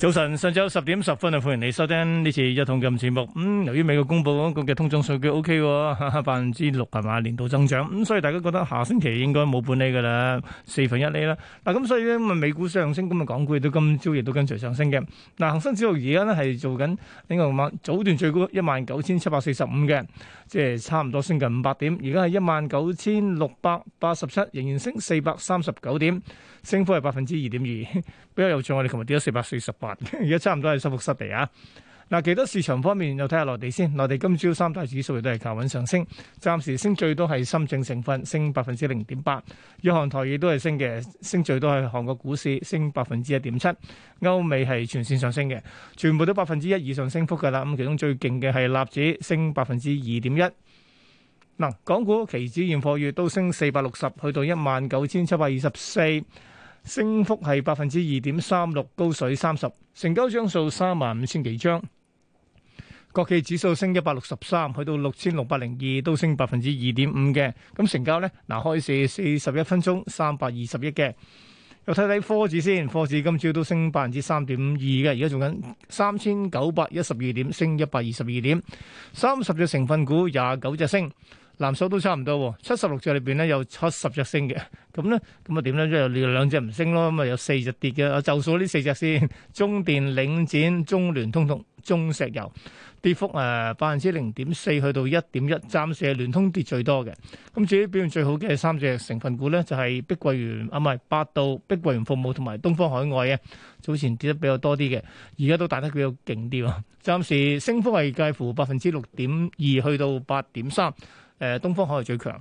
早晨，上晝十點十分啊，歡迎你收聽呢次一桶金融節目。咁由於美國公布嗰個嘅通脹數據 O.K. 喎，百分之六係嘛，年度增長。咁所以大家覺得下星期應該冇半厘噶啦，四分一厘啦。嗱，咁所以咧，咁啊美股上升，咁啊港股亦都今朝亦都跟隨上升嘅。嗱，恒生指數而家咧係做緊呢個嘛早段最高一萬九千七百四十五嘅，即係差唔多升近五百點。而家係一萬九千六百八十七，仍然升四百三十九點。升幅係百分之二點二，比較有趣。我哋琴日跌咗四百四十八，而家差唔多係收復失地啊！嗱，其他市場方面又睇下內地先。內地今朝三大指數亦都係靠穩上升，暫時升最多係深證成分升百分之零點八，日韓台亦都係升嘅，升最多係韓國股市升百分之一點七，歐美係全線上升嘅，全部都百分之一以上升幅噶啦。咁其中最勁嘅係納指升百分之二點一。嗱，港股期指現貨月都升四百六十，去到一萬九千七百二十四，升幅係百分之二點三六，高水三十，成交張數三萬五千幾張。國企指數升一百六十三，去到六千六百零二，都升百分之二點五嘅。咁成交呢，嗱，開市四十一分鐘三百二十億嘅。又睇睇科指先，科指今朝都升百分之三點五二嘅，而家做緊三千九百一十二點，升一百二十二點，三十隻成分股廿九隻升。藍籌都差唔多，七十六隻裏面咧有七十隻升嘅，咁咧咁啊點咧？有兩隻唔升咯，咁啊有四隻跌嘅。就數呢四隻先，中電領展、中聯通同中石油，跌幅誒百分之零點四去到一點一。暫時係聯通跌最多嘅。咁至於表現最好嘅三隻成分股咧，就係碧桂園啊，唔係百度、碧桂園服務同埋東方海外啊，早前跌得比較多啲嘅，而家都打得比較勁啲啊。暫時升幅係介乎百分之六點二去到八點三。誒東方海係最強好。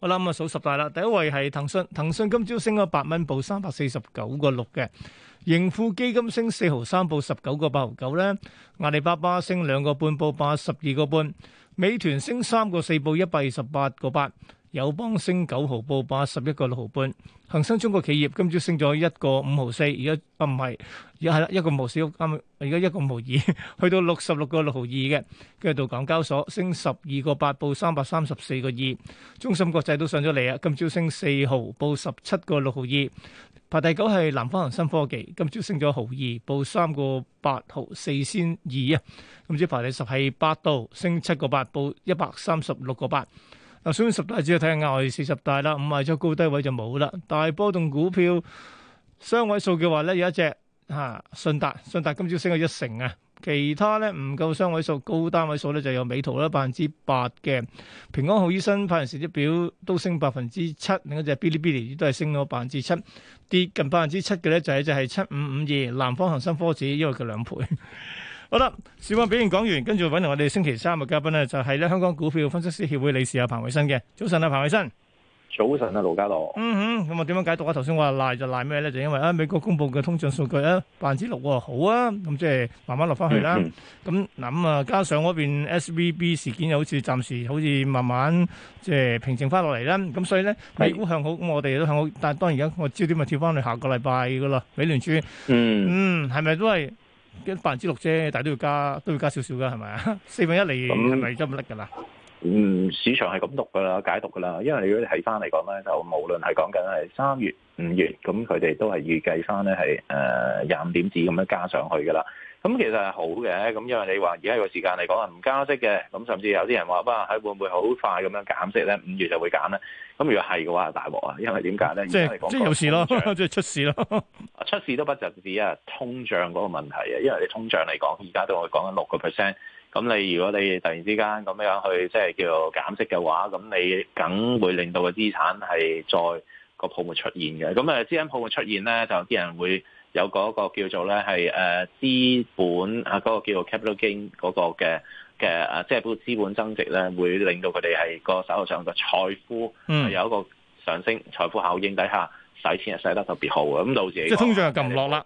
好啦，咁啊數十大啦，第一位係騰訊，騰訊今朝升咗八蚊，報三百四十九個六嘅，盈富基金升四毫三，報十九個八毫九咧，阿里巴巴升兩個半，報八十二個半，美團升三個四，報一百二十八個八。友邦升九毫，報八十一個六毫半。恒生中國企業今朝升咗一個五毫四，而家、啊、不唔係，而家係啦一個五毫四，而家一個五毫二，2, 去到六十六個六毫二嘅。跟住到港交所升十二個八，報三百三十四個二。中芯國際都上咗嚟啊，今朝升四毫，報十七個六毫二。2, 排第九係南方恒生科技，今朝升咗毫二，2, 報三個八毫四先二啊。今朝排第十係百度，升七個八，報一百三十六個八。嗱，所以十大隻睇下，外市十大啦，五位咗高低位就冇啦。但係波動股票雙位數嘅話咧，有一隻嚇信達，信達今朝升咗一成啊。其他咧唔夠雙位數，高單位數咧就有美圖啦，百分之八嘅平安好醫生派完成績表都升百分之七，另一隻 Bilibili 都係升咗百分之七，跌近百分之七嘅咧就係一隻係七五五二南方恒生科技，因為佢兩倍。好啦，市況表現講完，跟住搵嚟我哋星期三嘅嘉賓咧，就係、是、咧香港股票分析師協會理事阿彭偉新嘅。早晨啊，彭偉新。早晨啊，盧家樂、嗯。嗯哼，咁啊，點樣解讀啊？頭先話賴就賴咩咧？就因為啊，美國公布嘅通脹數據啊，百分之六啊，好啊，咁即係慢慢落翻去啦。咁諗啊，加上嗰邊 S V B 事件又好似暫時好似慢慢即係平靜翻落嚟啦。咁所以咧，美股向好，咁是我哋都向好。但係當然而家我朝點咪跳翻去下個禮拜噶啦，美聯儲。嗯。嗯，係咪都係？跟住百分之六啫，但係都要加，都要加少少噶，係咪啊？四分一厘，係咪執唔甩噶啦？是是嗯，市場係咁讀噶啦，解讀噶啦。因為如果你睇翻嚟講咧，就無論係講緊係三月、五月，咁佢哋都係預計翻咧係誒廿五點子咁樣加上去噶啦。咁其實係好嘅，咁因為你話而家個時間嚟講啊，唔加息嘅，咁甚至有啲人話哇，係會唔會好快咁樣減息咧？五月就會減咧，咁如果係嘅話，大鑊啊！因為點解咧？即係即係有事咯，即係出事咯，出事都不就止啊！通脹嗰個問題啊，因為你通脹嚟講，而家都係講緊六個 percent，咁你如果你突然之間咁樣去即係叫做減息嘅話，咁你梗會令到個資產係再個泡沫出現嘅。咁啊，資產泡沫出現咧，就有啲人會。有嗰個叫做咧係誒資本啊，嗰個叫做 capital gain 嗰個嘅嘅誒，即係包括資本增值咧，會令到佢哋係個手頭上嘅財富係有一個上升財富效應底下。使錢又使得特別好，咁到時即係通脹撳唔落啦。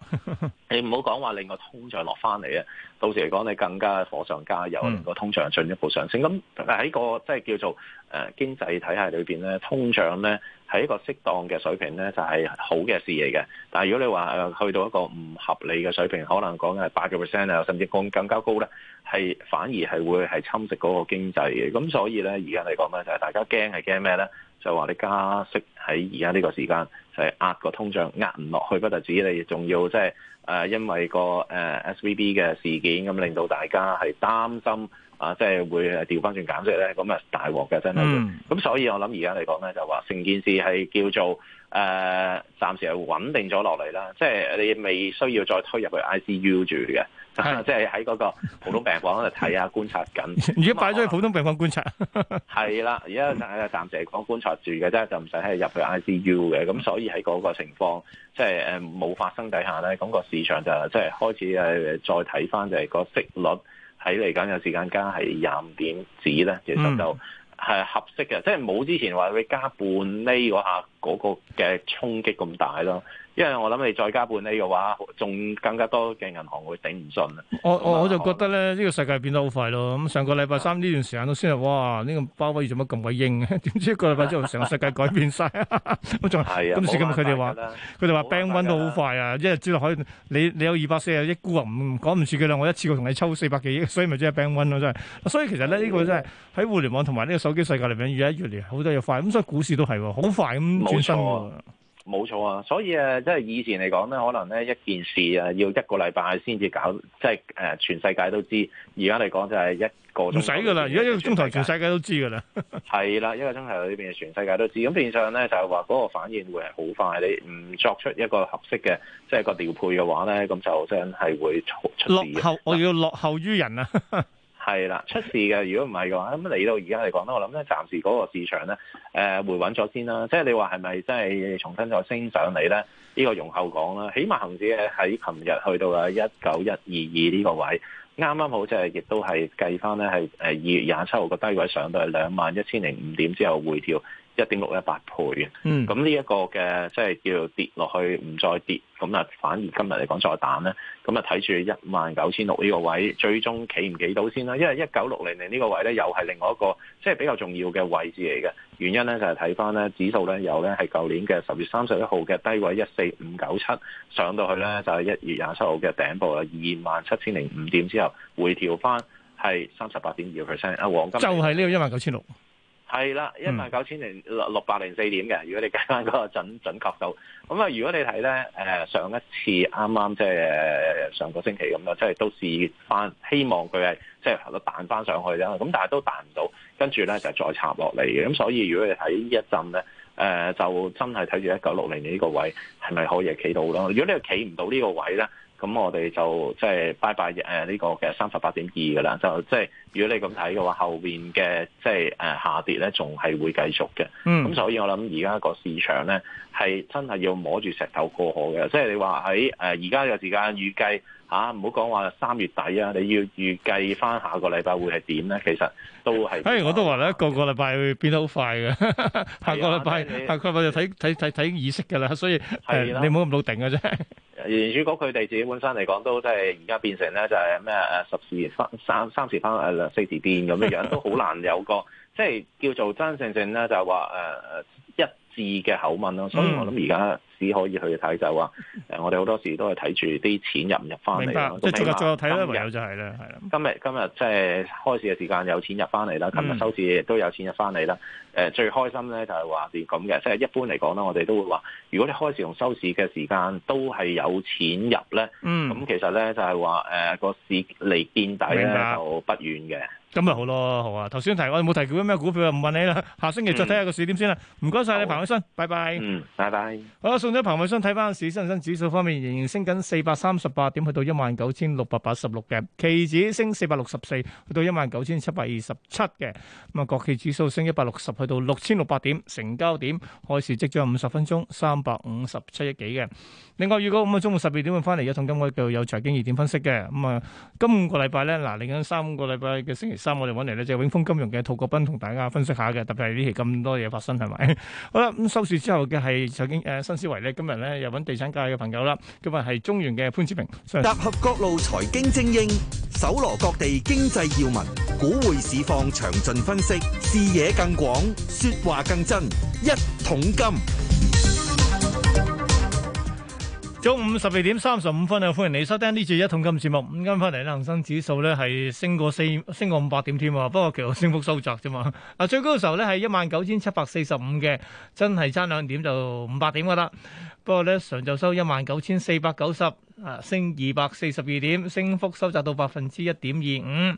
你唔好講話令個通脹落翻嚟啊！到時嚟講，你更加火上加油，令個通脹進一步上升。咁喺、嗯、個即係、就是、叫做誒、呃、經濟體系裏面咧，通脹咧喺一個適當嘅水平咧，就係、是、好嘅事嚟嘅。但係如果你話去到一個唔合理嘅水平，可能講係八個 percent 啊，甚至講更加高咧，係反而係會係侵蝕嗰個經濟嘅。咁所以咧，而家嚟講咧，就係、是、大家驚係驚咩咧？就話你加息喺而家呢個時間，係壓個通脹壓唔落去不止，不特止你仲要即係誒，因為個誒 S V B 嘅事件咁，令到大家係擔心。啊，即係會調翻轉減息咧，咁啊大鑊嘅真係。咁、嗯、所以我諗而家嚟講咧，就話成件事係叫做誒、呃，暫時係穩定咗落嚟啦。即係你未需要再推入去 ICU 住嘅，即係喺嗰個普通病房度睇下觀察緊。而家擺咗喺普通病房觀察。係啦，而家暫時講觀察住嘅啫，就唔使係入去 ICU 嘅。咁所以喺嗰個情況，即係冇發生底下咧，咁、那個市場就即係開始誒再睇翻，就係個息率。睇嚟緊有時間加係廿五點止咧，其實就係合適嘅，嗯、即係冇之前話佢加半厘嗰下嗰個嘅衝擊咁大咯。因為我諗你再加半厘嘅話，仲更加多嘅銀行會頂唔順啊！我我我就覺得咧，呢個世界變得好快咯。咁上個禮拜三呢段時間都先係哇，呢個包威做乜咁鬼硬？點知一個禮拜之後成個世界改變晒，咁仲係啊！今次今日佢哋話，佢哋話 bank run 都好快啊！一日之內可以，你你有二百四啊億股啊，唔講唔住佢啦，我一次過同你抽四百幾億，所以咪即係 bank run 咯，真係。所以其實咧呢個真係喺互聯網同埋呢個手機世界嚟緊越嚟越嚟，好多嘢快。咁所以股市都係好快咁轉身。冇錯啊，所以啊，即係以前嚟講咧，可能咧一件事啊，要一個禮拜先至搞，即係全世界都知。而家嚟講就係一個，唔使噶啦，而家一個鐘頭全，全，全世界都知噶啦。係 啦，一個鐘頭裏邊全世界都知。咁變相咧就係話嗰個反應會係好快。你唔作出一個合適嘅，即係個調配嘅話咧，咁就真係會出落後，但我哋要落後於人啊！ 係啦，出事嘅。如果唔係嘅話，咁嚟到而家嚟講咧，我諗咧暫時嗰個市場咧，誒、呃、回穩咗先啦、啊。即係你話係咪真係重新再升上嚟咧？呢、這個容後講啦。起碼恆指喺琴日去到啊一九一二二呢個位，啱啱好即係亦都係計翻咧係誒二月廿七號個低位上到係兩萬一千零五點之後回調。一點六一八倍嘅，咁呢一個嘅即係叫跌落去，唔再跌，咁啊反而今日嚟講再彈咧，咁啊睇住一萬九千六呢個位，最終企唔企到先啦。因為一九六零年呢個位咧，又係另外一個即係比較重要嘅位置嚟嘅。原因咧就係睇翻咧指數咧有咧係舊年嘅十月三十一號嘅低位一四五九七上到去咧就係一月廿七號嘅頂部啦，二萬七千零五點之後回調翻係三十八點二 percent。阿黃金就係呢個一萬九千六。係啦，一萬九千零六六百零四點嘅。如果你計翻嗰個準準確度，咁啊，如果你睇咧，呃，上一次啱啱即係上個星期咁咯，即係都試翻，希望佢係即係能夠彈翻上去啦。咁但係都彈唔到，跟住咧就再插落嚟嘅。咁所以如果你睇呢一陣咧，呃，就真係睇住一九六零呢個位係咪可以企到咯？如果你係企唔到呢個位咧。咁我哋就即係拜拜誒呢個嘅三十八點二㗎喇，就即係如果你咁睇嘅話，後面嘅即係、啊、下跌咧，仲係會繼續嘅。咁、嗯、所以我諗而家個市場咧係真係要摸住石頭過河嘅，即係你話喺誒而家嘅時間預計。嚇，唔好講話三月底啊！你要預計翻下個禮拜會係點咧？其實都係。誒，hey, 我都話啦，個個禮拜會變得好快嘅， 下個禮拜的下個禮拜就睇睇睇睇意識嘅啦，所以的、啊、你唔好咁老定嘅啫。如果佢哋自己本身嚟講，都即係而家變成咧就係咩誒十時翻三三時翻誒四時變咁嘅樣，都好難有個 即係叫做真性性咧，就係話誒一。字嘅口吻咯，所以我諗而家只可以去睇就話，誒我哋好多時都係睇住啲錢入唔入翻嚟，即係再再睇咧，有就係啦。今日今日即係開市嘅時間有錢入翻嚟啦，今日收市都有錢入翻嚟啦。誒最開心咧就係話係咁嘅，即係一般嚟講啦，我哋都會話，如果你開市同收市嘅時間都係有錢入咧，咁其實咧就係話誒個市離見底就不遠嘅。咁咪好咯，好啊！頭先提我冇提及咩股票啊，唔問你啦。下星期再睇下個市點先啦。唔該晒你，偉生，拜拜。嗯，拜拜。好啦，送咗彭偉生睇翻市，新恒生指數方面仍然升緊四百三十八點，去到一萬九千六百八十六嘅，期指升四百六十四，去到一萬九千七百二十七嘅。咁啊，國企指數升一百六十，去到六千六百點。成交點開市積咗五十分鐘，三百五十七億幾嘅。另外，如果咁啊，中午十二點會翻嚟一同金哥繼續有財經熱點分析嘅。咁啊，今個禮拜咧，嗱，嚟緊三個禮拜嘅星期三，我哋揾嚟呢就永豐金融嘅塗國斌同大家分析下嘅，特別係呢期咁多嘢發生係咪？好啦。咁收市之後嘅係財經誒、新思維咧，今日咧又揾地產界嘅朋友啦，今日係中原嘅潘志明。集合各路財經精英，搜羅各地經濟要聞，股匯市況詳盡分析，視野更廣，説話更真，一桶金。中午十二點三十五分啊！歡迎你收聽呢次一桶金節目。五間翻嚟，恒生指數咧係升過四升過五百點添啊！不過其實升幅收窄啫嘛。啊，最高嘅時候咧係一萬九千七百四十五嘅，真係差兩點就五百點噶啦。不過咧上晝收一萬九千四百九十啊，升二百四十二點，升幅收窄到百分之一點二五。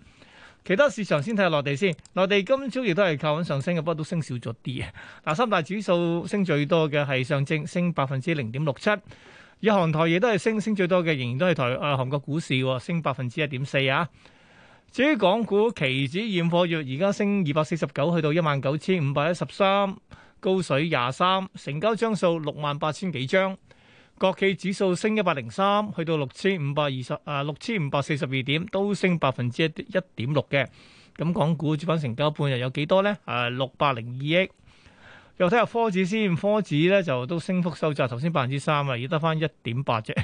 其他市場先睇下內地先。內地今朝亦都係靠緊上升嘅，不過都升少咗啲。嗱，三大指數升最多嘅係上證，升百分之零點六七。日韓台亦都係升，升最多嘅仍然都係台誒、呃、韓國股市，升百分之一點四啊。至於港股期指現貨月，而家升二百四十九，去到一萬九千五百一十三，高水廿三，成交張數六萬八千幾張。國企指數升一百零三，去到六千五百二十誒，六千五百四十二點，都升百分之一一點六嘅。咁港股主板成交半日有幾多呢？誒六百零二億。又睇下科指先，科指咧就都升幅收窄，頭先百分之三啊，而得翻一點八隻。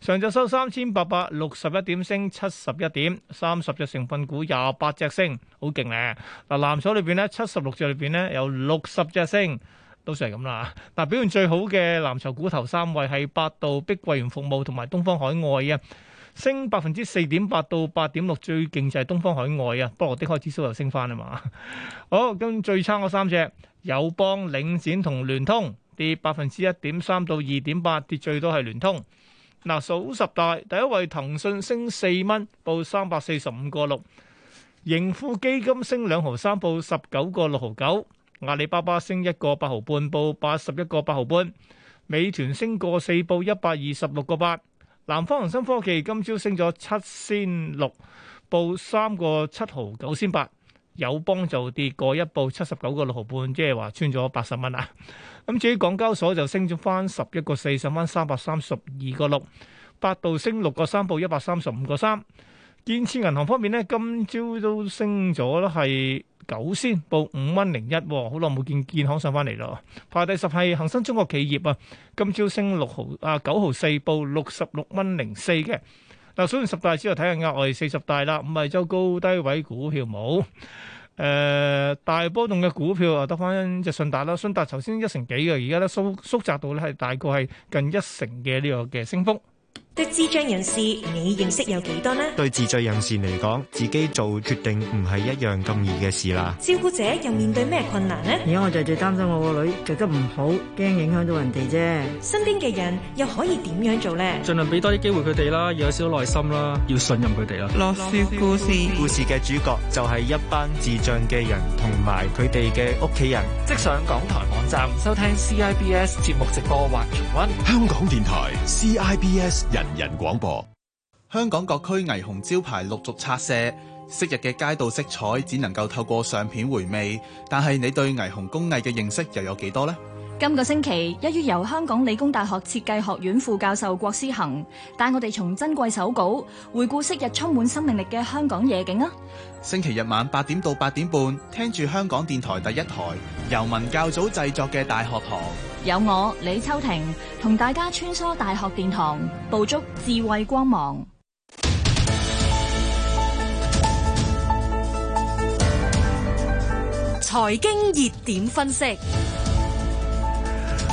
上晝收三千八百六十一點，升七十一點，三十隻成分股廿八隻升，好勁咧。嗱，藍籌裏邊咧，七十六隻裏邊咧，有六十隻升，都算係咁啦。嗱，表現最好嘅藍籌股頭三位係百度、碧桂園服務同埋東方海外啊，升百分之四點八到八點六，最勁就係東方海外啊。不過波羅的海指數又升翻啊嘛。好，咁最差嗰三隻。友邦、領展同聯通跌百分之一點三到二點八，跌最多係聯通。嗱，數十大第一位騰訊升四蚊，報三百四十五個六。盈富基金升兩毫三，報十九個六毫九。阿里巴巴升一個八毫半，報八十一個八毫半。美團升個四，報一百二十六個八。南方恒生科技今朝升咗七仙六，報三個七毫九仙八。有幫就跌過一報七十九個六毫半，即係話穿咗八十蚊啊！咁至於港交所就升咗翻十一個四十蚊，三百三十二個六。百度升六個三，報一百三十五個三。建設銀行方面呢，今朝都升咗，係九仙報五蚊零一，好耐冇見健康上翻嚟咯。排第十係恒生中國企業啊，今朝升六毫啊九毫四，報六十六蚊零四嘅。嗱，數完十大之後睇下額外四十大啦，五十周高低位股票冇，誒、呃、大波動嘅股票啊，得翻隻信達啦，信達頭先一成幾嘅，而家咧縮縮窄到咧係大概係近一成嘅呢個嘅升幅。對智障人士，你認識有幾多呢？對智障人士嚟講，自己做決定唔係一樣咁易嘅事啦。照顧者又面對咩困難呢？而家我就最，最擔心我個女，做得唔好，驚影響到人哋啫。身邊嘅人又可以點樣做呢？盡量俾多啲機會佢哋啦，要有少少耐心啦，要信任佢哋啦。落雪故事，故事嘅主角就係一班智障嘅人同埋佢哋嘅屋企人。人即上港台網站收聽 CIBS 節目直播或重溫。香港電台 CIBS 人。人廣播，香港各區霓虹招牌陸續拆卸，昔日嘅街道色彩只能夠透過相片回味。但係你對霓虹工藝嘅認識又有幾多呢？今個星期一於由香港理工大學設計學院副教授郭思恒帶我哋從珍貴手稿回顧昔日充滿生命力嘅香港夜景啊！星期日晚八點到八點半，聽住香港電台第一台由文教組製作嘅《大學堂》，有我李秋婷同大家穿梭大學殿堂，捕捉智慧光芒。財經熱點分析。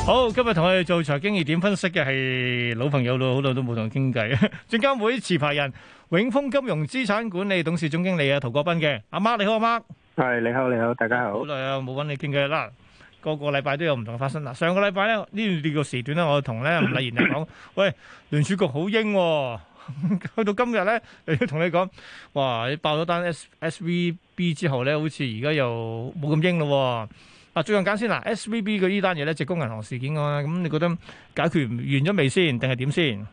好，今日同我哋做財經熱點分析嘅係老朋友啦，好耐都冇同佢傾偈嘅，證監會持牌人永豐金融資產管理董事總經理啊陶國斌嘅，阿媽你好，阿媽係你好，你好，大家好，好耐啊冇揾你傾偈啦，個個禮拜都有唔同嘅發生啦，上個禮拜咧呢段個時段咧，我同咧麗賢又講， 喂，聯儲局好英喎，去到今日咧，你同你講，哇，你爆咗單 S S V B 之後咧，好似而家又冇咁英咯。啊，最近解先啦，S V B 嘅呢單嘢，咧矽谷銀行事件咧，咁你覺得解決完咗未先，定係點先？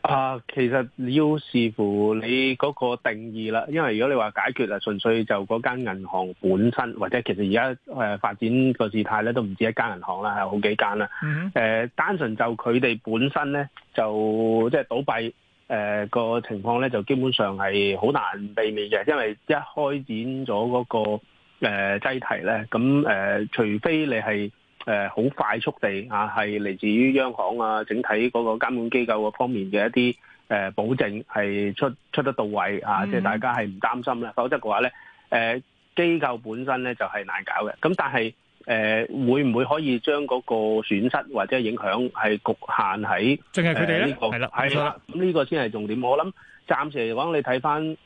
啊，其實要視乎你嗰個定義啦，因為如果你話解決啊，純粹就嗰間銀行本身，或者其實而家誒發展個事態咧，都唔止一間銀行啦，係好幾間啦。誒、mm hmm. 呃，單純就佢哋本身咧，就即係倒閉誒個情況咧，就基本上係好難避免嘅，因為一開展咗嗰、嗰個。誒擠、呃、提咧，咁誒、呃、除非你係誒好快速地啊，係嚟自於央行啊，整體嗰個監管機構個方面嘅一啲誒、呃、保證係出出得到位啊，即係大家係唔擔心啦。否則嘅話咧，誒、呃、機構本身咧就係難搞嘅。咁但係誒、呃、會唔會可以將嗰個損失或者影響係局限喺正係佢哋咧，係啦，係啦，咁呢個先係重點。我諗暫時嚟講，你睇翻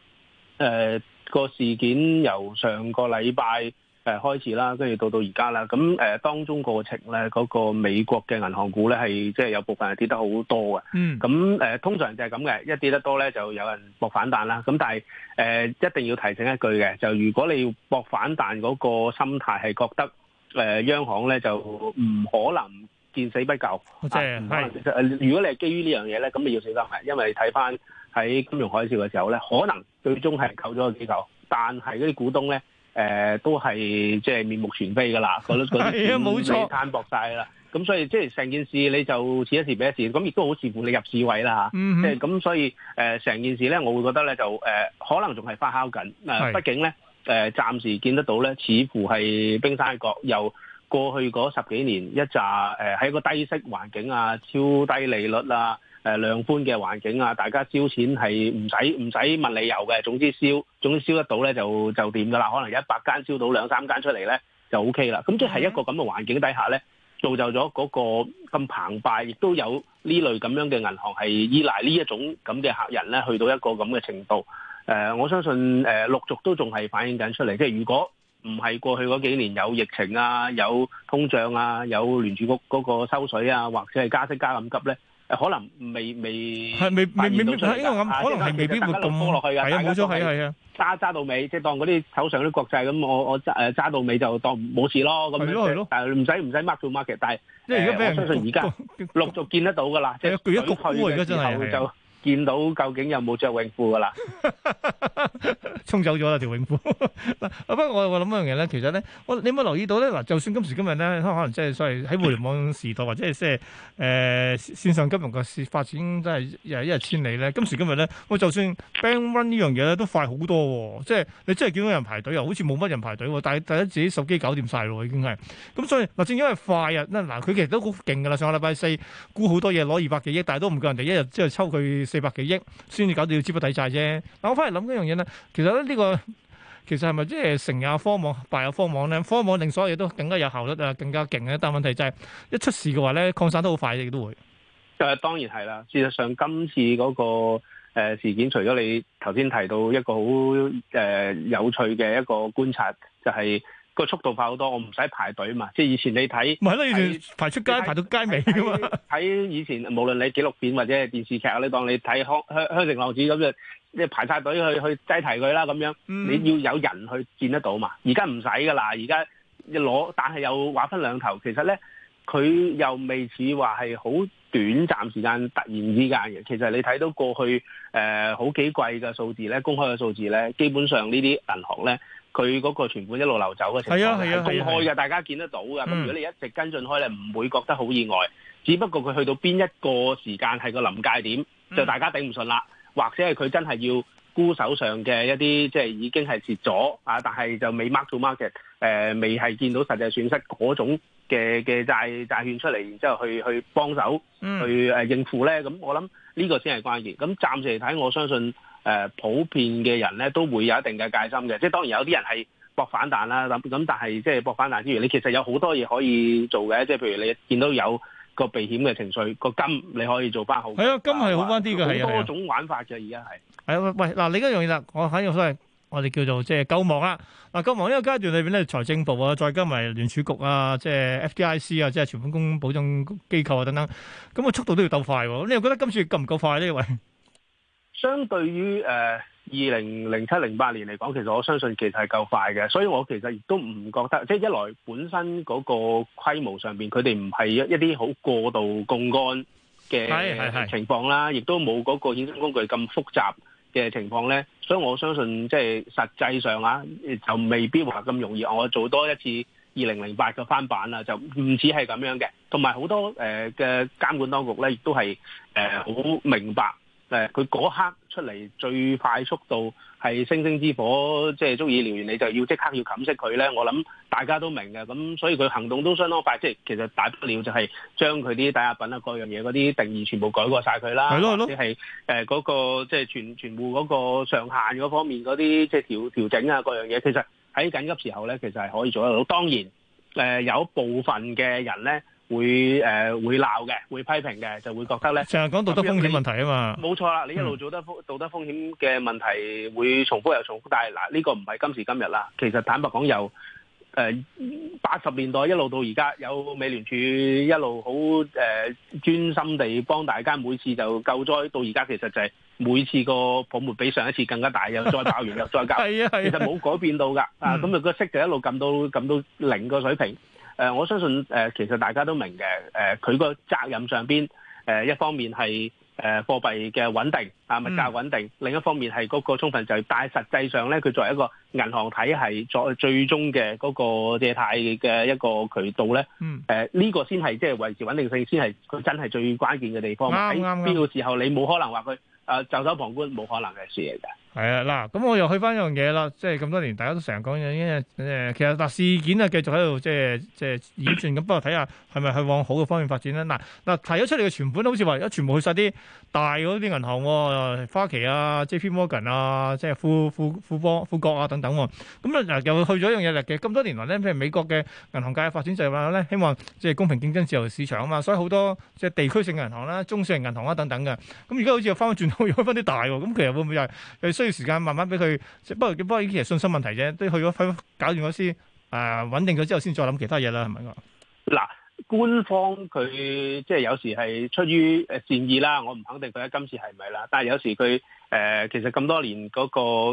誒。個事件由上個禮拜誒開始啦，跟住到到而家啦，咁誒當中過程咧，嗰、那個美國嘅銀行股咧係即係有部分係跌得好多嘅。嗯。咁誒通常就係咁嘅，一跌得多咧就有人搏反彈啦。咁但係誒、呃、一定要提醒一句嘅，就如果你要搏反彈嗰個心態係覺得誒、呃、央行咧就唔可能見死不救，即係係。可能是如果你係基於呢樣嘢咧，咁你要小心嘅，因為你睇返。喺金融海嘯嘅時候咧，可能最終係扣咗個機構，但係嗰啲股東咧，誒、呃、都係即係面目全非噶啦，嗰嗰啲錢都攤薄晒啦。咁、哎、所以即係成件事你就似一時比一時，咁亦都好似乎你入市位啦嚇。即咁、嗯哼，啊、所以誒成、呃、件事咧，我會覺得咧就誒、呃、可能仲係發酵緊。誒、呃、畢是竟咧誒暫時見得到咧，似乎係冰山一角。又過去嗰十幾年一陣誒喺個低息環境啊、超低利率啊。誒量寬嘅環境啊，大家燒錢係唔使唔使問理由嘅，總之燒，總之燒得到呢，就就掂㗎啦。可能一百間燒到兩三間出嚟呢，OK，就 O K 啦。咁即係一個咁嘅環境底下呢，造就咗嗰個咁澎湃，亦都有呢類咁樣嘅銀行係依賴呢一種咁嘅客人呢去到一個咁嘅程度。誒、呃，我相信誒陸續都仲係反映緊出嚟。即係如果唔係過去嗰幾年有疫情啊、有通脹啊、有聯儲局嗰個收水啊，或者係加息加咁急呢。可能未未係未未未必可能係未必會凍落去噶。大家都係係啊，揸揸呀到尾，即係當嗰啲手上啲國債咁，我我揸誒揸到尾就當冇事咯。咁樣係咯係咯，但係唔使唔使 mark to market，但係即係而家我相信而家陸續見得到噶啦，即係一局一局退嘅。說的說的見到究竟有冇着泳褲噶啦，沖 走咗啦條泳褲。 不過我我諗一樣嘢咧，其實咧，我你有冇留意到咧？嗱，就算今時今日咧，可能即、就、係、是、所謂喺互聯網時代或者係即係誒線上金融嘅發展真係一日千里咧。今時今日咧，我就算 bank run 呢樣嘢咧都快好多喎、哦。即、就、係、是、你真係見到人排隊啊，好似冇乜人排隊，排隊哦、但係大家自己手機搞掂晒咯，已經係咁。所以嗱，正因為快啊，嗱，佢其實都好勁噶啦。上個禮拜四沽好多嘢，攞二百幾億，但係都唔夠人哋一日即係抽佢。四百幾億先至搞到要資不抵債啫。我翻嚟諗一樣嘢咧，其實咧、這、呢個其實係咪即係成有科網，敗有科網咧？科網令所有嘢都更加有效率啊，更加勁咧。但問題就係一出事嘅話咧，擴散得好快亦都會。就係當然係啦。事實上今次嗰個誒事件，除咗你頭先提到一個好誒有趣嘅一個觀察，就係、是。個速度快好多，我唔使排隊嘛。即係以前你睇，唔係看你哋排出街看排到街尾啊嘛。喺以前無論你紀錄片或者電視劇，你當你睇香，《香城浪子》咁樣，即排晒隊去去擠提佢啦咁樣。你要有人去見得到嘛？而家唔使噶啦，而家一攞，但係又話分兩頭。其實咧，佢又未似話係好短暫時間突然之間嘅。其實你睇到過去、呃、好幾季嘅數字咧，公開嘅數字咧，基本上呢啲銀行咧。佢嗰個存款一路流走嘅情況，係啊，係啊公開嘅，啊啊啊啊啊啊、大家見得到㗎。咁、嗯、如果你一直跟進開咧，你唔會覺得好意外。只不過佢去到邊一個時間係個臨界點，就大家頂唔順啦。嗯、或者係佢真係要沽手上嘅一啲即係已經係蝕咗啊，但係就未 mark to market，未、呃、係見到實際損失嗰種嘅嘅債券出嚟，然之後去去幫手去應付咧。咁我諗呢個先係關鍵。咁暫時嚟睇，我相信。誒普遍嘅人咧都會有一定嘅戒心嘅，即係當然有啲人係博反彈啦。咁咁，但係即係博反彈之餘，你其實有好多嘢可以做嘅，即係譬如你見到有個避險嘅情緒，個金你可以做翻好。係啊，金係好翻啲嘅，係係好多種玩法嘅，而家係啊。喂嗱，你一樣嘢啦，我喺度所係我哋叫做即係、就是、救亡啦。嗱救亡呢個階段裏邊咧，財政部啊，再加埋聯儲局啊，即、就、係、是、FDIC 啊，即係存款公保障機構啊等等，咁、那個速度都要鬥快、啊。咁你又覺得今次夠唔夠快呢？喂？相對於誒二零零七零八年嚟講，其實我相信其實係夠快嘅，所以我其實亦都唔覺得，即係一來本身嗰個規模上面，佢哋唔係一啲好過度槓桿嘅情況啦，亦都冇嗰個衍生工具咁複雜嘅情況呢。所以我相信即係實際上啊，就未必話咁容易，我做多一次二零零八嘅翻版啦，就唔止係咁樣嘅。同埋好多誒嘅監管當局呢，亦都係誒好明白。誒佢嗰刻出嚟最快速度係星星之火，即係足以燎原。你就要即刻要冚熄佢咧。我諗大家都明嘅。咁所以佢行動都相當快，即係其實大不了就係將佢啲抵押品啊，各樣嘢嗰啲定義全部改過晒佢啦。係咯，或者係誒嗰個即係全全部嗰個上限嗰方面嗰啲即係調調整啊，各樣嘢其實喺緊急時候咧，其實係可以做得到。當然誒、呃，有一部分嘅人咧。會誒、呃、會鬧嘅，會批評嘅，就會覺得咧，就係講道德風險問題啊嘛。冇錯啦，你一路做得風道德風險嘅問題會重複又重複，但係嗱呢個唔係今時今日啦。其實坦白講，由誒八十年代一路到而家，有美聯儲一路好誒專心地幫大家每次就救災，到而家其實就係每次個泡沫比上一次更加大， 又再爆完又再搞。 係啊，係啊，其實冇改變到㗎啊，咁啊個息就一路撳到撳到零個水平。嗯誒，我相信誒、呃，其實大家都明嘅。誒、呃，佢個責任上邊誒、呃，一方面係誒、呃、貨幣嘅穩定啊，物價穩定；嗯、另一方面係嗰個充分就業，但係實際上咧，佢作為一個銀行體系作最終嘅嗰個借貸嘅一個渠道咧，誒呢、嗯呃呢個先係即係維持穩定性，先係佢真係最關鍵嘅地方。喺邊啱邊個時候你冇可能話佢啊袖手旁觀，冇可能嘅事嚟嘅。係啊，嗱，咁我又去翻一樣嘢啦，即係咁多年大家都成日講嘢，誒，其實嗱事件啊繼續喺度，即係即係演轉咁，不過睇下係咪去往好嘅方面發展呢？嗱，嗱提咗出嚟嘅存款好似話，而家全部去晒啲大嗰啲銀行，花旗啊，即係 JP Morgan 啊，即係富富富波富國啊等等。咁啊嗱，又去咗一樣嘢嚟嘅，咁多年來咧，譬如美國嘅銀行界嘅發展就係話咧，希望即係公平競爭、自由市場啊嘛，所以好多即係地區性銀行啦、中小型銀行啦、啊、等等嘅。咁而家好似又翻翻轉去開翻啲大喎，咁其實會唔會又係需？時間慢慢俾佢，不過不過其實信心問題啫，都去咗翻，搞掂咗先，誒穩定咗之後先再諗其他嘢啦，係咪啊？嗱，官方佢即係有時係出於誒善意啦，我唔肯定佢喺今次係咪係啦，但係有時佢誒、呃、其實咁多年嗰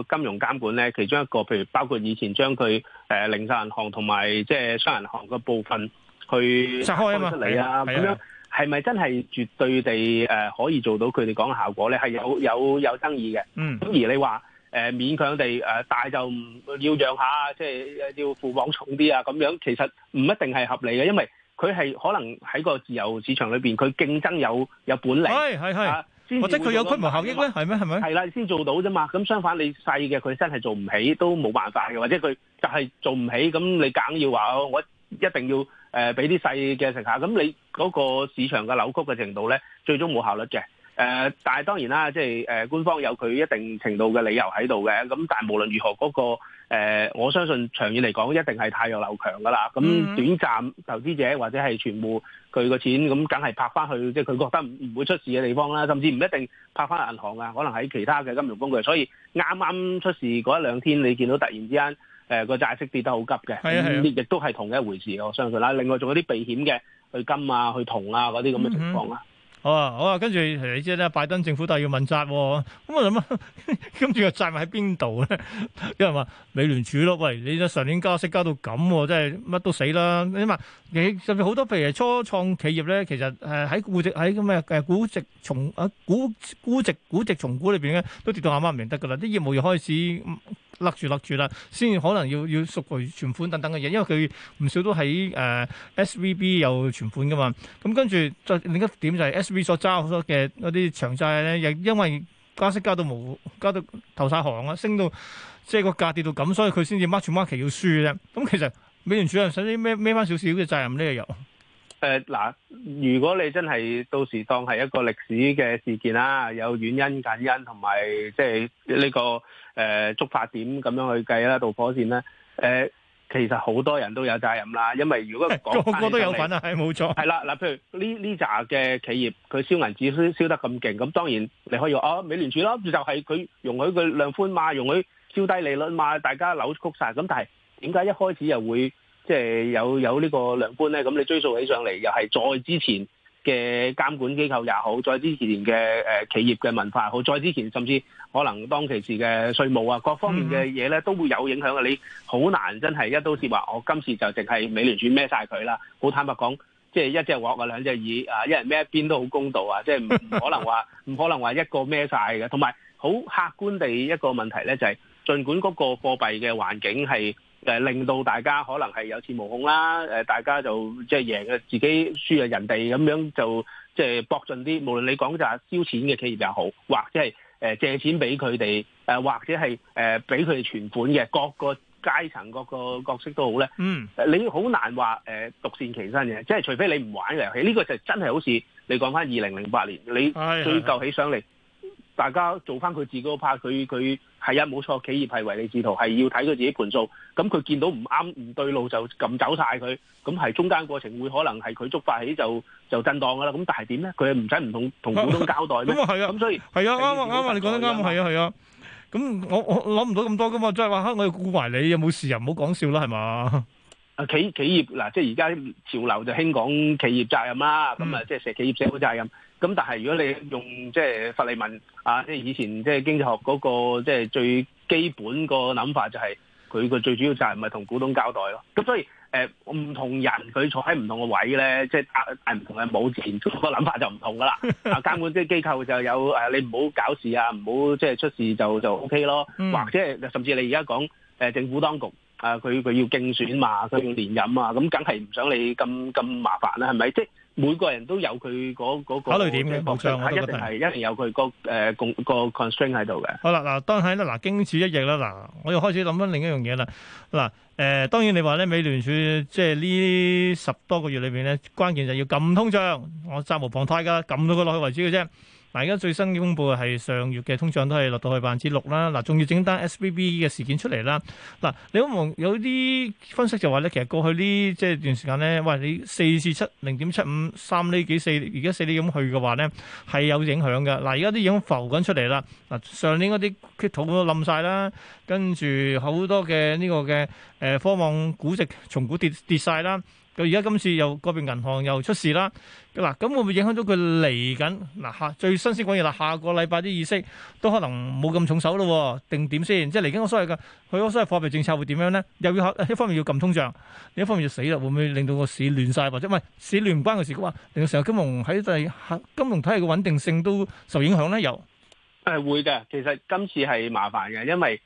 個金融監管咧，其中一個譬如包括以前將佢誒零售銀行同埋即係商業銀行嘅部分去開拆開啊嘛，係啊，咁、啊、樣。係咪真係絕對地誒、呃、可以做到佢哋講嘅效果咧？係有有有爭議嘅。嗯。咁而你話誒、呃、勉強地誒、呃、大就唔要讓下，即係要負往重啲啊？咁樣其實唔一定係合理嘅，因為佢係可能喺個自由市場裏面，佢競爭有有本領。係係係。或者佢有規模效益咧？係咩係咪？係啦，先做到啫嘛。咁相反，你細嘅佢真係做唔起都冇辦法嘅，或者佢就係做唔起，咁你梗要話我？一定要誒俾啲細嘅食下，咁你嗰個市場嘅扭曲嘅程度呢，最終冇效率嘅。誒、呃，但係當然啦，即係官方有佢一定程度嘅理由喺度嘅。咁但係無論如何，嗰、那個、呃、我相信長遠嚟講一定係汰弱留強噶啦。咁短暫投資者或者係全部佢個錢，咁梗係拍翻去即係佢覺得唔會出事嘅地方啦。甚至唔一定拍翻銀行啊，可能喺其他嘅金融工具。所以啱啱出事嗰一兩天，你見到突然之間。誒個、呃、債息跌得好急嘅，咁是的、嗯、亦都係同一回事，我相信啦。另外仲有啲避險嘅，去金啊，去銅啊，嗰啲咁嘅情況啦、嗯嗯。好啊，好啊，跟住你知啦，拜登政府都要問責、哦，咁我諗啊，跟住個債咪喺邊度咧？有人話美聯儲咯，喂，你上年加息加到咁，真係乜都死啦。你嘛，你甚至好多譬如初創企業咧，其實誒喺估值喺咁嘅誒估值重啊估估值估值重估裏邊咧，都跌到啱啱唔得噶啦。啲業務又開始。勒住勒住啦，先可能要要縮存款等等嘅嘢，因為佢唔少都喺、呃、S V B 有存款噶嘛，咁跟住再另一點就係 S V 所揸好多嘅嗰啲長債咧，亦因為加息加到冇，加到投晒行啊，升到即係個價跌到咁，所以佢先至 mark to mark 要輸啫。咁其實美元主人使啲孭孭翻少少嘅責任呢個又。誒嗱、呃，如果你真係到時當係一個歷史嘅事件啦，有遠因，因、近因同埋即係呢個誒觸、呃、發點咁樣去計啦，導火線呢，誒、呃，其實好多人都有責任啦，因為如果個個都有份啊，係冇錯。係啦，嗱、呃，譬如呢呢紮嘅企業，佢燒銀紙燒燒得咁勁，咁當然你可以話啊、哦，美聯儲咯，就係、是、佢容許佢量寬嘛，容許超低利率嘛，大家扭曲晒。咁但係點解一開始又會？即係有有呢個量觀咧，咁你追溯起上嚟，又係再之前嘅監管機構也好，再之前嘅誒、呃、企業嘅文化好，再之前甚至可能當其時嘅稅務啊各方面嘅嘢咧，都會有影響，你好難真係一刀切話我今次就淨係美聯儲孭晒佢啦。好坦白講，即係一隻鑊啊，兩隻耳啊，一人孭一邊都好公道啊！即係唔可能話唔 可能話一個孭晒嘅。同埋好客觀地一個問題咧，就係儘管嗰個貨幣嘅環境係。令到大家可能係有恃無恐啦，大家就即係贏嘅自己輸，輸啊人哋咁樣就即係搏盡啲。無論你講就係燒錢嘅企業又好，或者係借錢俾佢哋，或者係誒俾佢哋存款嘅，各個階層、各個角色都好咧。嗯，你好難話誒獨善其身嘅，即係除非你唔玩嘅遊戲。呢、呢個就真係好似你講翻二零零八年，你追究起上嚟，哎大家做翻佢自己個派，佢佢係啊，冇錯，企業係唯利是圖，係要睇佢自己盤數。咁佢見到唔啱唔對路就撳走晒佢。咁係中間過程會可能係佢觸發起就就震盪㗎啦。咁但係點咧？佢唔使唔同同股東交代都係啊。咁、啊啊啊啊啊啊啊、所以係啊，啱啱你講得啱，係啊係啊。咁我我諗唔到咁多噶嘛，即係話我要顧埋你有冇事啊？唔好講笑啦，係嘛？啊企企業嗱、啊，即係而家潮流就興講企業責任啦，咁啊、嗯、即係社企業社會責任。咁但係如果你用即係法理問啊，即係以前即係經濟學嗰、那個即係最基本個諗法、就是，就係佢個最主要責任咪同股東交代咯。咁所以誒唔、呃、同人佢坐喺唔同個位咧，即係帶帶唔同嘅本錢，個諗法就唔同噶啦。啊監 管即係機構就有誒，你唔好搞事啊，唔好即係出事就就 OK 咯，或者係、嗯、甚至你而家講誒政府當局。啊！佢佢要競選嘛，佢要連任嘛，咁梗係唔想你咁咁麻煩啦，係咪？即係每個人都有佢嗰嗰個考慮點嘅角度上，錯一定係一定有佢個誒共個 constraint 喺度嘅。好啦，嗱，當係啦，嗱，經此一役啦，嗱，我又開始諗翻另一樣嘢啦。嗱，誒、呃，當然你話咧，美聯儲即係呢十多個月裏邊咧，關鍵就要撳通脹，我責無旁貸噶，撳到佢落去為止嘅啫。嗱，而家最新嘅公布係上月嘅通脹都係落到去百分之六啦。嗱，仲要整單 SBB 嘅事件出嚟啦。嗱，你有冇有啲分析就話咧？其實過去呢即係一段時間咧，喂，你四至七零點七五三釐幾四，而家四釐咁去嘅話咧，係有影響㗎。嗱，而家啲嘢都浮緊出嚟啦。嗱，上年嗰啲稀土都冧曬啦，跟住好多嘅呢個嘅誒科網估值重估跌跌曬啦。到而家今次又個別銀行又出事啦，嗱，咁會唔會影響到佢嚟緊，嗱下最新鮮講嘢啦，下個禮拜啲意識都可能冇咁重手咯，定點先，即係嚟緊我所謂嘅佢個所謂貨幣政策會點樣咧？又要一方面要撳通脹，另一方面就死啦，會唔會令到個市亂晒？或者唔係，市亂唔關事個事嘅嘛？令到成日金融喺第金融體系嘅穩定性都受影響咧，又誒會嘅。其實今次係麻煩嘅，因為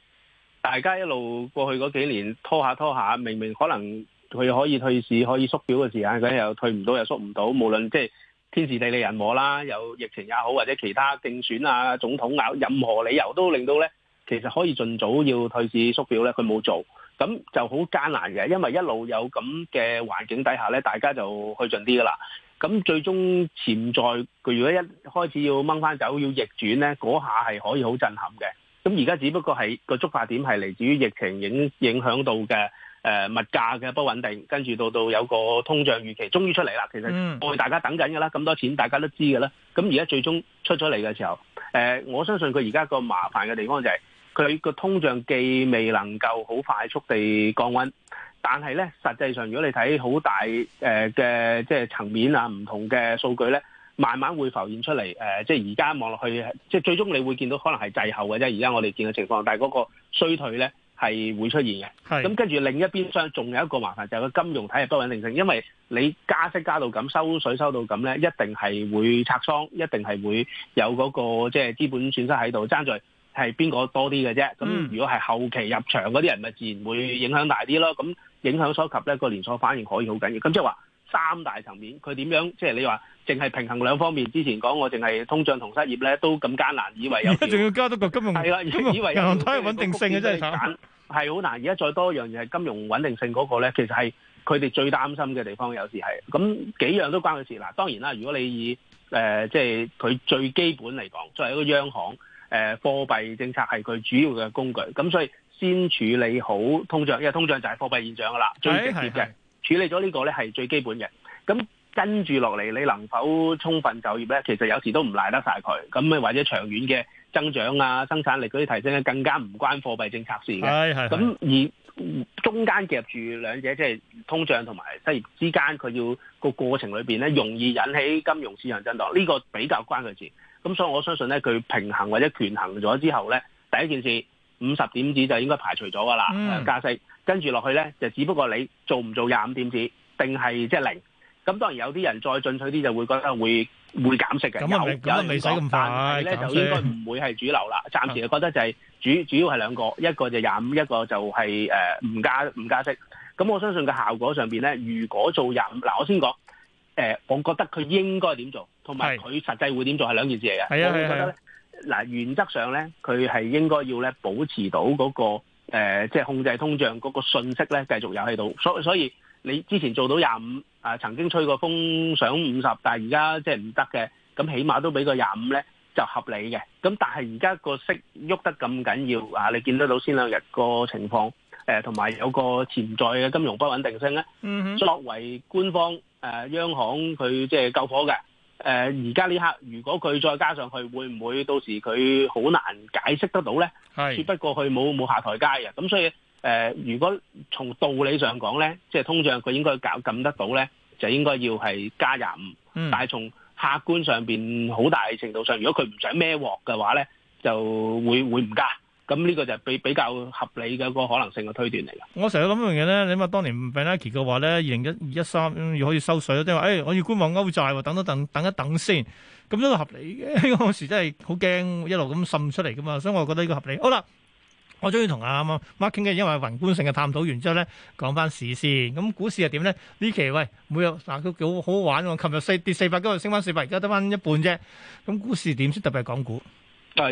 大家一路過去嗰幾年拖下拖下，明明可能。佢可以退市，可以縮表嘅時間，佢又退唔到，又縮唔到。無論即係天時地利人和啦，有疫情也好，或者其他競選啊、總統啊，任何理由都令到咧，其實可以盡早要退市縮表咧，佢冇做，咁就好艱難嘅。因為一路有咁嘅環境底下咧，大家就去盡啲噶啦。咁最終潛在佢如果一開始要掹返走，要逆轉咧，嗰下係可以好震撼嘅。咁而家只不過係個觸發點係嚟自於疫情影影響到嘅。誒物價嘅不穩定，跟住到到有個通脹預期，終於出嚟啦。其實我大家等緊㗎啦，咁多錢大家都知㗎啦。咁而家最終出咗嚟嘅時候，誒，我相信佢而家個麻煩嘅地方就係佢個通脹既未能夠好快速地降溫，但係咧實際上如果你睇好大誒嘅即係層面啊，唔同嘅數據咧，慢慢會浮現出嚟，呃。即係而家望落去，即係最終你會見到可能係滯後嘅啫。而家我哋見嘅情況，但係嗰個衰退咧。係會出現嘅，咁是跟住另一邊商仲有一個麻煩就係、是、個金融體系不穩定性，因為你加息加到咁，收水收到咁咧，一定係會拆倉，一定係會有嗰、那個即係、就是、資本損失喺度，爭在係邊個多啲嘅啫。咁如果係後期入場嗰啲人，咪自然會影響大啲咯。咁影響所及咧，個連鎖反應可以好緊要。咁即係話。三大層面，佢點樣即係你話淨係平衡兩方面？之前講我淨係通脹同失業咧，都咁艱難，以為有時而家仲要加多個金融係啊，融以為金融係穩定性嘅真係，係好難。而家再多一樣嘢，係金融穩定性嗰個咧，其實係佢哋最擔心嘅地方，有時係咁幾樣都關佢事。嗱，當然啦，如果你以誒、呃、即係佢最基本嚟講，作為一個央行，誒貨幣政策係佢主要嘅工具，咁所以先處理好通脹，因為通脹就係貨幣現象㗎啦，是最直接嘅。處理咗呢個呢，係最基本嘅，咁跟住落嚟你能否充分就業呢？其實有時都唔賴得晒佢，咁誒或者長遠嘅增長啊、生產力嗰啲提升咧，更加唔關貨幣政策事嘅。咁係係而中間夾住兩者即係通脹同埋失業之間，佢要個過程裏面呢，容易引起金融市場震盪，呢個比較關佢事。咁所以我相信呢，佢平衡或者權衡咗之後呢，第一件事五十點子就應該排除咗㗎啦，嗯、加息。跟住落去咧，就只不過你做唔做廿五點子，定係即係零。咁當然有啲人再進取啲，就會覺得會會減息嘅。有有你講咁快，說但係呢咧、啊、就應該唔會係主流啦。少暫時就覺得就係主主要係兩個，一個就廿五，一個就係誒唔加唔加息。咁我相信個效果上面咧，如果做廿五、呃，嗱我先講誒、呃，我覺得佢應該點做，同埋佢實際會做點做係兩件事嚟嘅。的我會覺得咧，嗱原則上咧，佢係應該要咧保持到嗰、那個。誒、呃，即係控制通脹嗰個訊息咧，繼續有喺度，所以所以你之前做到廿五、呃，啊曾經吹過風想五十，但係而家即係唔得嘅，咁起碼都俾個廿五咧就合理嘅，咁但係而家個息喐得咁緊要啊，你見得到先兩日個情況，誒同埋有個潛在嘅金融不穩定性咧，mm hmm. 作為官方誒、呃、央行佢即係救火嘅。誒而家呢刻，如果佢再加上去，會唔會到時佢好難解釋得到呢？係是，說不過佢冇冇下台階啊。咁所以誒、呃，如果從道理上講呢，即係通脹佢應該搞撳得到呢，就應該要係加廿五。嗯、但係從客觀上面，好大程度上，如果佢唔想孭鑊嘅話呢，就會會唔加。咁呢個就係比比較合理嘅一個可能性嘅推斷嚟嘅。我成日諗一樣嘢咧，你諗下當年 Bernanke 嘅話咧，二零一二一三要可以收水咧，即係話誒，我要觀望歐債喎，等一等，等一等先。咁都合理嘅，因為嗰時真係好驚一路咁滲出嚟噶嘛，所以我覺得呢個合理。好啦，我終於同阿 Mark 傾嘅，因為宏觀性嘅探討完之後咧，講翻市先。咁股市係點咧？呢期喂每日嗱都幾好好玩喎，啊，琴日四跌四百，今日升翻四百，而家得翻一半啫。咁股市點先特別係港股？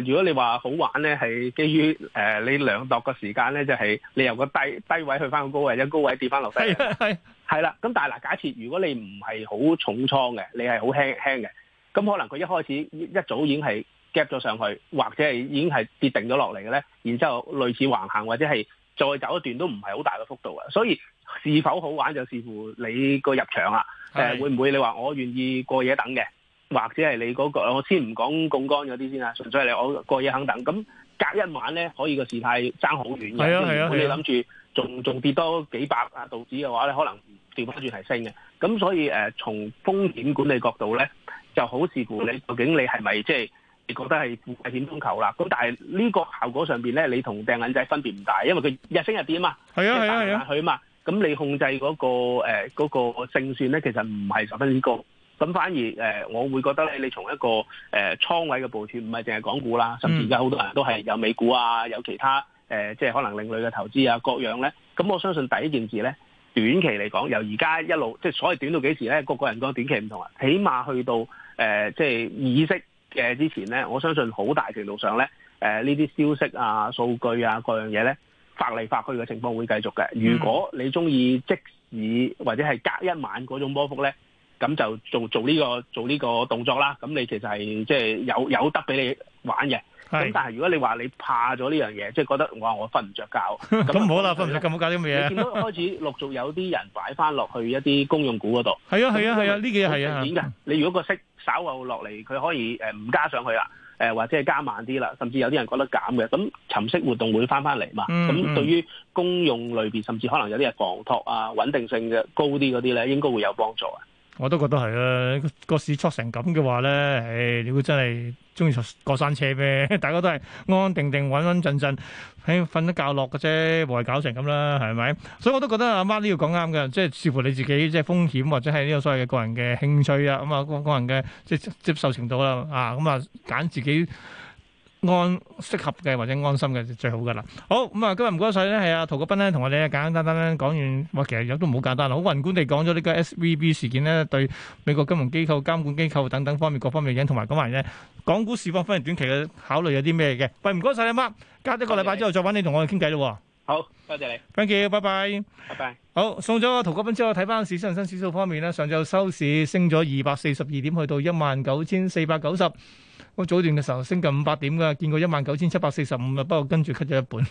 如果你話好玩呢，係基於，呃、你量度嘅時間呢，就係、是，你由個低低位去翻個高位，或者高位跌翻落低。係啦。 咁但係嗱，假設如果你唔係好重倉嘅，你係好輕輕嘅，咁可能佢一開始一早已經係夾咗上去，或者係已經係跌定咗落嚟嘅呢。然之後類似橫行或者係再走一段都唔係好大嘅幅度啊。所以是否好玩就視乎你個入場啦的、呃。會唔會你話我願意過夜等嘅？或者係你嗰、那個，我先唔講槓桿嗰啲先啊，純粹係你我過夜肯等，咁隔一晚咧可以個事態爭好遠嘅。係啊係啊，啊啊你諗住仲仲跌多幾百啊道指嘅話咧，可能調翻轉係升嘅。咁所以誒、呃，從風險管理角度咧，就好視乎你究竟你係咪即係你覺得係避險需求啦。咁但係呢個效果上面咧，你同掟銀仔分別唔大，因為佢日升日跌啊嘛，即係彈來彈去啊嘛。咁、啊啊、你控制嗰、那個誒嗰、呃那個、勝算咧，其實唔係十分之高。咁反而誒、呃，我會覺得咧，你從一個誒、呃、倉位嘅部署，唔係淨係港股啦，甚至而家好多人都係有美股啊，有其他誒、呃，即係可能另類嘅投資啊，各樣咧。咁我相信第一件事咧，短期嚟講，由而家一路，即係所謂短到幾時咧，各個人講短期唔同啊。起碼去到誒、呃，即係意識嘅之前咧，我相信好大程度上咧，誒呢啲消息啊、數據啊各樣嘢咧，發嚟發去嘅情況會繼續嘅。如果你中意即市或者係隔一晚嗰種波幅咧。咁就做做呢、這個做呢個動作啦。咁你其實係即係有有得俾你玩嘅。咁的但係如果你話你怕咗呢樣嘢，即、就、係、是、覺得哇我瞓唔着覺咁唔好啦，瞓唔着咁好搞啲咩嘢。 你見到開始陸續有啲人擺翻落去一啲公用股嗰度，係啊係啊係啊，呢幾日係啊點㗎？你如果個息稍後落嚟，佢可以誒唔、呃、加上去啦、呃，或者係加慢啲啦，甚至有啲人覺得減嘅咁，尋息活動會翻翻嚟嘛。咁、嗯嗯、對於公用類別，甚至可能有啲係房託啊、穩定性嘅高啲嗰啲咧，應該會有幫助啊。我都覺得係啊！個市挫成咁嘅話咧，誒、哎，你會真係中意坐過山車咩？大家都係安安定定、穩穩陣陣，喺瞓得覺落嘅啫，無謂搞成咁啦，係咪？所以我都覺得阿媽都要講啱嘅，即係視乎你自己，即係風險或者係呢個所謂嘅個人嘅興趣啊，咁啊，個個人嘅即係接受程度啦，啊，咁啊，揀自己。按適合嘅或者安心嘅就最好噶啦。好咁啊，今日唔該晒咧，係啊，陶國斌咧同我哋簡簡單單咧講完。哇，其實有都冇簡單，好宏觀地講咗呢個 SVB 事件咧，對美國金融機構、監管機構等等方面各方面嘅影響，同埋講埋咧，港股市況分短期嘅考慮有啲咩嘅？喂，唔該晒你媽，隔一個禮拜之後再揾你同我哋傾偈咯。好，多謝你，thank you，拜拜，拜拜。拜拜。好送咗個一桶金之後，睇翻市恒生指數方面咧，上晝收市升咗二百四十二點，去到一萬九千四百九十。個早段嘅時候升近五百點㗎，見過一萬九千七百四十五啊，不過跟住 cut 咗一半。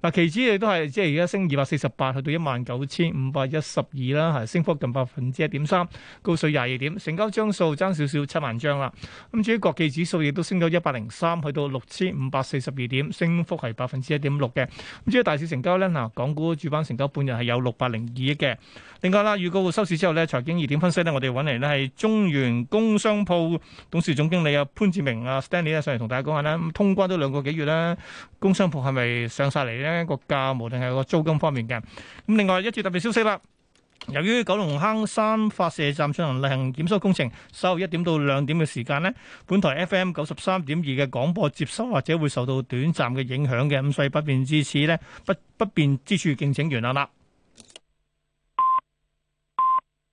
嗱，期指亦都係即係而家升二百四十八，去到一萬九千五百一十二啦，係升幅近百分之一點三，高水廿二點，成交張數增少少七萬張啦。咁至於國際指數亦都升咗一百零三，去到六千五百四十二點，升幅係百分之一點六嘅。咁至於大市成交咧，嗱，港股主板成交半日係有六百零。同意嘅。另外啦，預告收市之後咧，財經二點分析咧，我哋揾嚟咧係中原工商鋪董事總經理啊潘志明啊 Stanley 咧上嚟同大家講下咧。咁通關都兩個幾月啦，工商鋪係咪上曬嚟咧個價，無論係個租金方面嘅。咁另外一則特別消息啦，由於九龍坑山發射站進行例行檢修工程，稍後一點到兩點嘅時間咧，本台 F.M. 九十三點二嘅廣播接收或者會受到短暫嘅影響嘅，咁所以不便之處咧，不不便之處敬請原諒啦。